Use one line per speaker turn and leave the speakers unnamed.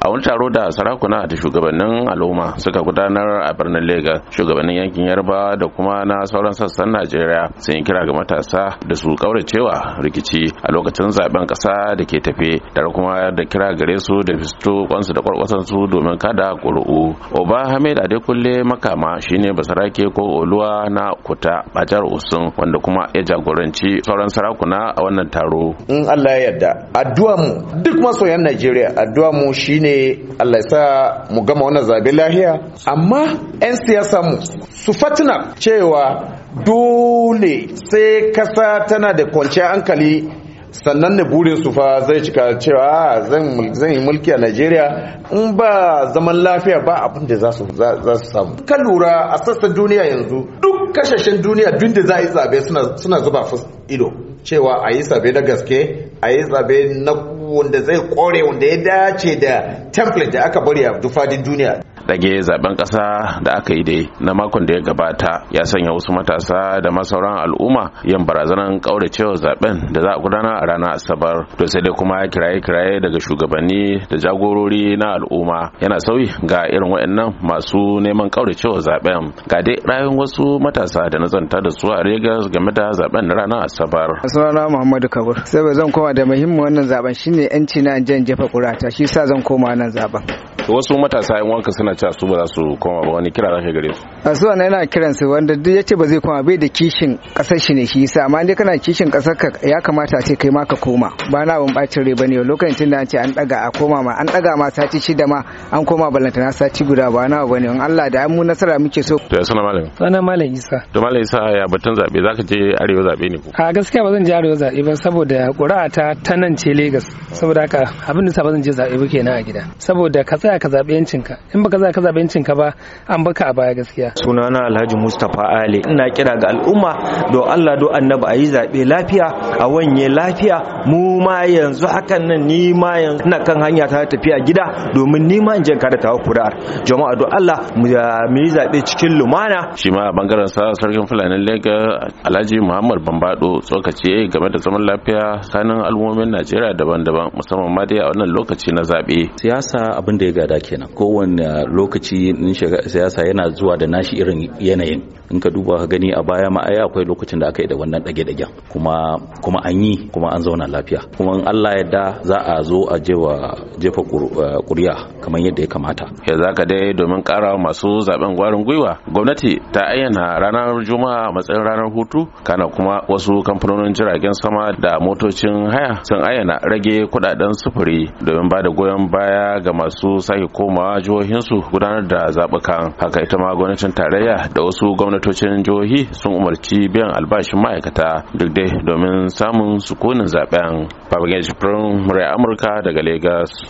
a wani taro da sarakuna da shugabannin al'umma suka gudanar a birnin Legas shugabannin yankin Yarbawa da kuma na sauran sassan Najeriya sun yi kira ga matasa da su cewa rikici a lokacin zaben kasa da ke tafe tare kuma da kira gare su da fisto kwansu da kwarkwasansu domin kada ƙuri'u. Oba Hamid Adekunle Makama shine basarake ko Oluwa na Kuta a jihar Osun wanda kuma ya jagoranci sauran sarakuna a wannan taro.
In Allah ya yarda addu'a mu duk masoyan Najeriya addu'a mu shi ne Allah ya sa mu gama wannan zabe lahiya amma 'yan siyasa mu su fatina cewa dole sai kasa tana da kwanciyar hankali sannan ne burin su fa zai cika cewa ah, zan yi mulki a Najeriya in ba zaman lafiya ba abin da za su samu ka lura a sassan duniya yanzu duk kashashen duniya duk da za a yi zabe suna zuba ido cewa a yi zabe na gaske a yi zabe na wanda zai kore wanda ya dace da template da aka bari a dufadin duniya
rage zaben kasa da aka yi dai na makon da ya gabata ya sanya wasu matasa da masauran al'umma yin barazanar cewa zaben da za a gudana a ranar asabar to sai dai kuma kiraye-kiraye daga shugabanni da jagorori na al'umma yana sauyi ga irin waɗannan masu neman cewa zaben ga dai rayuwar wasu matasa da na zanta da su a Legas game da zaben na ranar asabar
sunana Muhammadu Kabir sai zan koma da muhimmin wannan zaben shine yanci na jan jefa kurata shi sa zan koma wannan zaben
to wasu matasa yan wanka suna cewa su ba za su koma ba wani kira zaka gare su
a su wannan yana kiran su wanda duk yace ba zai koma bai da kishin kasar shi ne shi yasa amma dai kana kishin kasar ka ya kamata a ce kai ma ka koma ba na bin bacin rai bane lokacin da an ce an daga a koma ma an daga ma sati shida ma an koma ballantana sati guda ba na bane in Allah da mu nasara muke so to ya sana malam sana malam Isa
to malam Isa ya batun zabe zaka je arewa zabe ne ko
a gaskiya ba zan je arewa zabe ba saboda ƙuri'a ta ta nan ce Lagos saboda haka abin da sa ba zan je zabe ba kenan a gida saboda ka tsaya ka zaɓi yancinka in baka tsaya ka zaɓi yancinka ba an baka a baya gaskiya sunana
alhaji mustapha ali ina kira ga al'umma do allah do annabi a yi zaɓe lafiya a wanye lafiya mu ma yanzu hakan nan ni ma yanzu ina kan hanya ta tafiya gida domin ni ma in je kada tawa kuri'ar jama'a do allah mu yi zaɓe cikin lumana
shi ma a bangaren sa sarkin fulani lega alhaji muhammad bambado tsokaci game da zaman lafiya tsakanin al'ummomin najeriya daban-daban musamman ma dai a wannan lokaci na zaɓe siyasa abin da ya gada kenan kowane lokaci in shiga siyasa yana zuwa da nashi irin yanayin in ka duba ka gani a baya ma ai akwai lokacin da aka yi da wannan dage dagen kuma kuma an yi kuma an zauna lafiya kuma in Allah ya da za a zo a jewa jefa kuriya eh, kamar yadda ya kamata ya zaka dai domin kara masu zaben gwarin gwiwa gwamnati ta ayyana ranar juma'a matsayin ranar hutu kana kuma wasu kamfanonin jiragen sama da motocin haya sun ayyana rage kudaden sufuri domin ba da goyon baya ga masu sake komawa jihohinsu gudanar da zaɓukan haka ita ma gwamnatin tarayya da wasu gwamnatocin jihohi sun umarci biyan albashin ma'aikata duk dai domin samun sukunin zaben babangida murai amurka daga Legas.